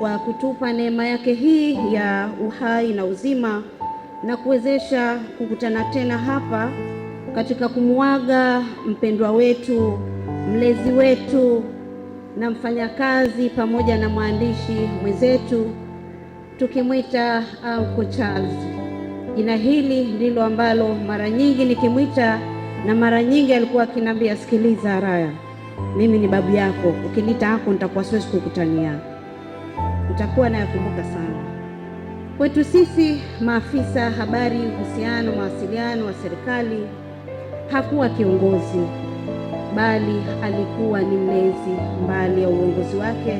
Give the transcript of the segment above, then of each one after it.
wa kutupa neema yake hii ya uhai na uzima na kuwezesha kukutana tena hapa katika kumwaga mpendwa wetu, mlezi wetu na mfanyakazi pamoja na mwandishi mwenzetu tukimwita Uncle Charles. Jina hili ndilo ambalo mara nyingi nikimwita na mara nyingi alikuwa akiniambia, sikiliza Raya, mimi ni babu yako, ukiniita Uncle nitakuwa siwezi kukutania utakuwa nayakumbuka sana. Kwetu sisi maafisa habari, uhusiano, mawasiliano wa serikali, hakuwa kiongozi, bali alikuwa ni mlezi mbali ya uongozi wake,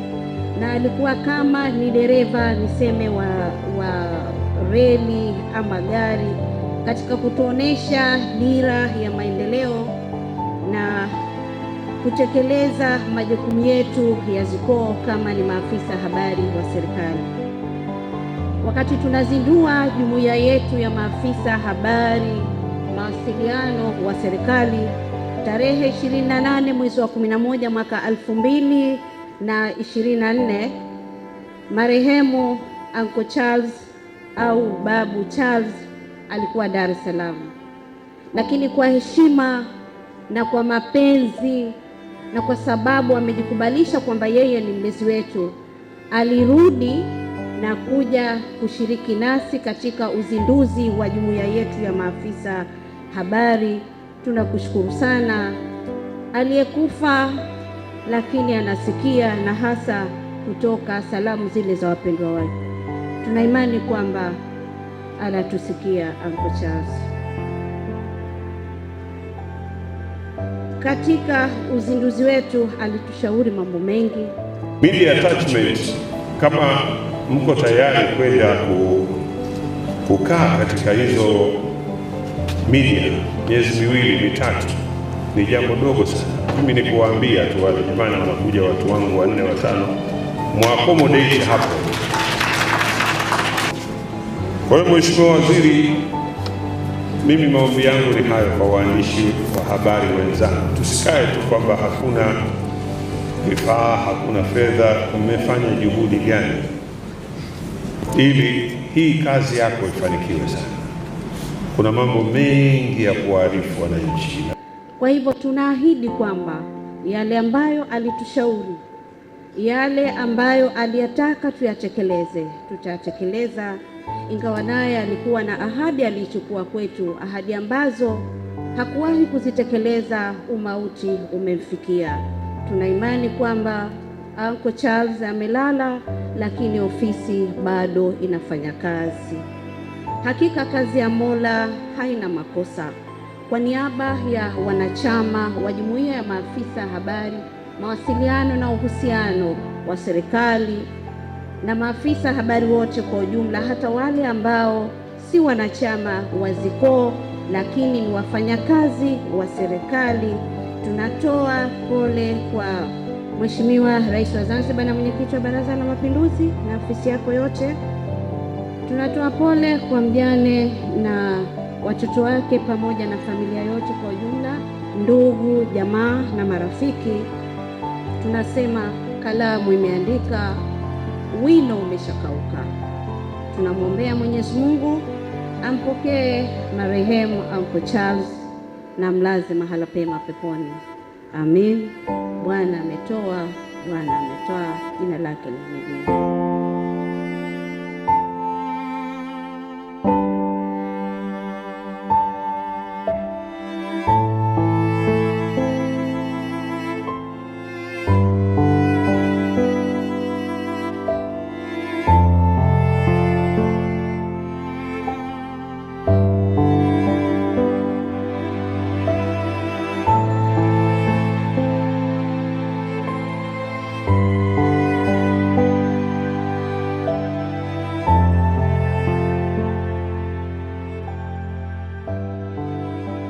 na alikuwa kama ni dereva niseme wa, wa reli ama gari katika kutuonesha dira ya maendeleo na kutekeleza majukumu yetu ya ZUCOO kama ni maafisa habari wa serikali. Wakati tunazindua jumuiya yetu ya maafisa habari mawasiliano wa serikali tarehe 28 mwezi wa 11 mwaka 2024, marehemu Uncle Charles au Babu Charles alikuwa Dar es Salaam, lakini kwa heshima na kwa mapenzi na kwa sababu amejikubalisha kwamba yeye ni mlezi wetu, alirudi na kuja kushiriki nasi katika uzinduzi wa jumuiya yetu ya maafisa habari. Tunakushukuru sana. Aliyekufa lakini anasikia, na hasa kutoka salamu zile za wapendwa wake, tuna imani kwamba anatusikia Uncle Charles. Katika uzinduzi wetu alitushauri mambo mengi. Media attachment, kama mko tayari kwenda ku, kukaa katika hizo media miezi miwili mitatu, ni jambo dogo sana. Mimi ni kuwaambia tu wale jamani, wanakuja watu wangu wanne watano, mwakomodate hapo. Kwa hiyo Mheshimiwa Waziri mimi maombi yangu ni hayo kwa waandishi wa habari wenzangu, tusikae tu kwamba hakuna vifaa, hakuna fedha. Umefanya juhudi gani ili hii kazi yako ifanikiwe sana? Kuna mambo mengi ya kuwaarifu wananchi. Kwa hivyo tunaahidi kwamba yale ambayo alitushauri, yale ambayo aliyataka tuyatekeleze, tutayatekeleza ingawa naye alikuwa na ahadi aliichukua kwetu, ahadi ambazo hakuwahi kuzitekeleza, umauti umemfikia. Tuna imani kwamba Uncle Charles amelala, lakini ofisi bado inafanya kazi. Hakika kazi ya Mola haina makosa. Kwa niaba ya wanachama wa jumuiya ya maafisa habari, mawasiliano na uhusiano wa serikali na maafisa habari wote kwa ujumla, hata wale ambao si wanachama wa ZICOO lakini ni wafanyakazi wa serikali. Tunatoa pole kwa Mheshimiwa Rais wa Zanzibar na mwenyekiti wa Baraza la Mapinduzi na afisi yako yote. Tunatoa pole kwa mjane na watoto wake pamoja na familia yote kwa ujumla, ndugu, jamaa na marafiki. Tunasema kalamu imeandika wino umeshakauka. Tunamwombea Mwenyezi Mungu ampokee marehemu Uncle Charles na mlaze mahala pema peponi. Amin. Bwana ametoa, Bwana ametoa, jina lake ni